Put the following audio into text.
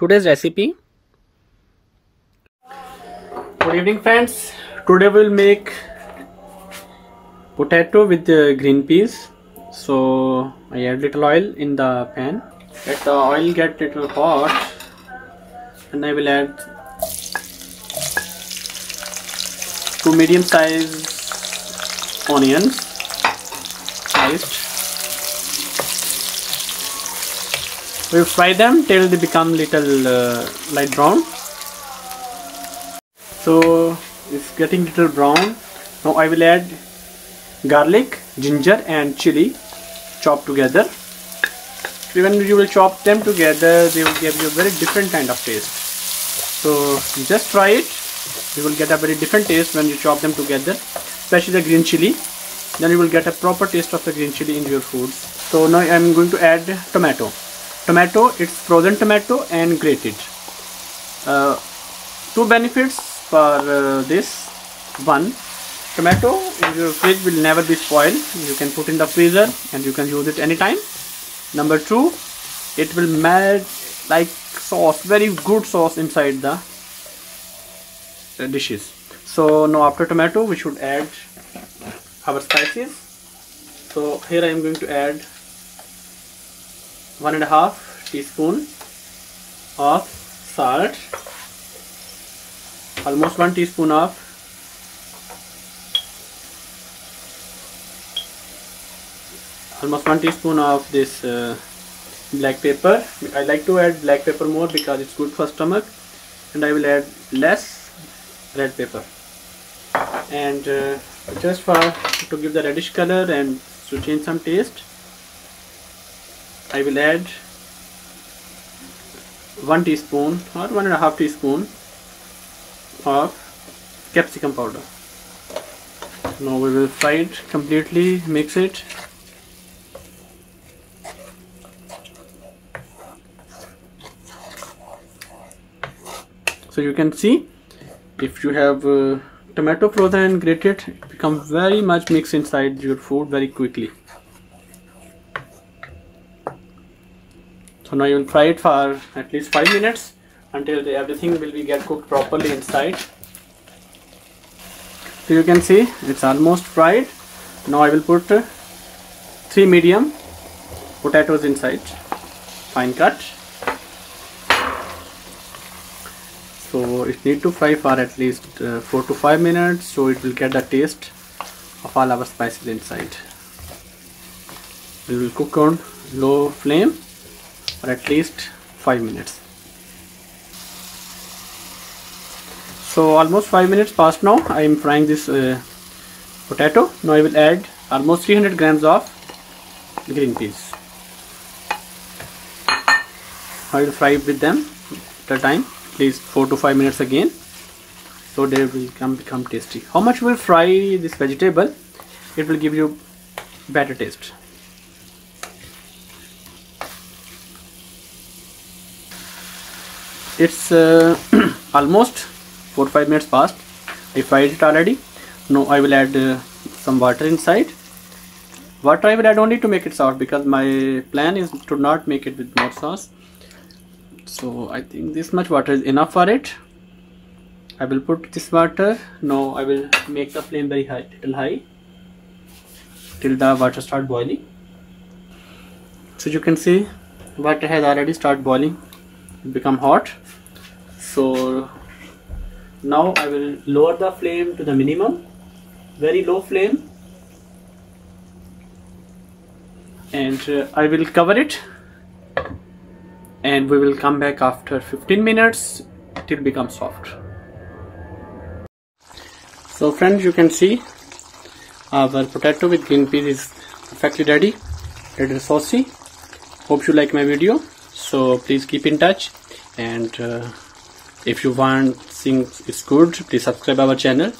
today's recipe good evening friends today we'll make potato with uh, green peas so I add little oil in the pan let the oil get little hot and I will add two medium medium-sized onions sliced we fry them till they become little uh, light brown so it's getting little brown now I will add garlic ginger and chili chopped together Even when you will chop them together they will give you a very different kind of taste so just try it you will get a very different taste when you chop them together especially the green chili then you will get a proper taste of the green chili in your food so now I'm going to add tomato tomato it's frozen tomato and grated uh, two benefits for uh, this one tomato in your fridge will never be spoiled you can put in the freezer and you can use it anytime number two it will melt like sauce very good sauce inside the uh, dishes so now after tomato we should add our spices so here I am going to add one and a half teaspoon of salt almost one teaspoon of almost one teaspoon of this uh, black pepper I like to add black pepper more because it's good for stomach and I will add less red pepper and uh, just for to give the reddish color and to change some taste I will add 1 teaspoon or 1 and a half teaspoon of capsicum powder now we will fry it completely mix it so you can see if you have uh, tomato frozen and grated it becomes very much mixed inside your food very quickly so now you will fry it for at least 5 minutes until the, everything will be get cooked properly inside so you can see it's almost fried now I will put 3 medium potatoes inside fine cut so it need to fry for at least uh, 4 to 5 minutes so it will get the taste of all our spices inside we will cook on low flame for at least 5 minutes so almost 5 minutes past now I am frying this uh, potato now I will add almost 300 grams of green peas I will fry with them at a time at least 4 to 5 minutes again so they will come become tasty how much will fry this vegetable it will give you better taste it's uh, almost 4-5 minutes past I fried it already now I will add uh, some water inside water I will add only to make it soft because my plan is to not make it with more sauce so I think this much water is enough for it I will put this water now I will make the flame very high till high till the water start boiling so you can see water has already start boiling become hot so now I will lower the flame to the minimum very low flame and uh, I will cover it and we will come back after 15 minutes till become soft so friends you can see our potato with green peas is perfectly ready it is saucy hope you like my video so please keep in touch and uh, if you want things is good please subscribe our channel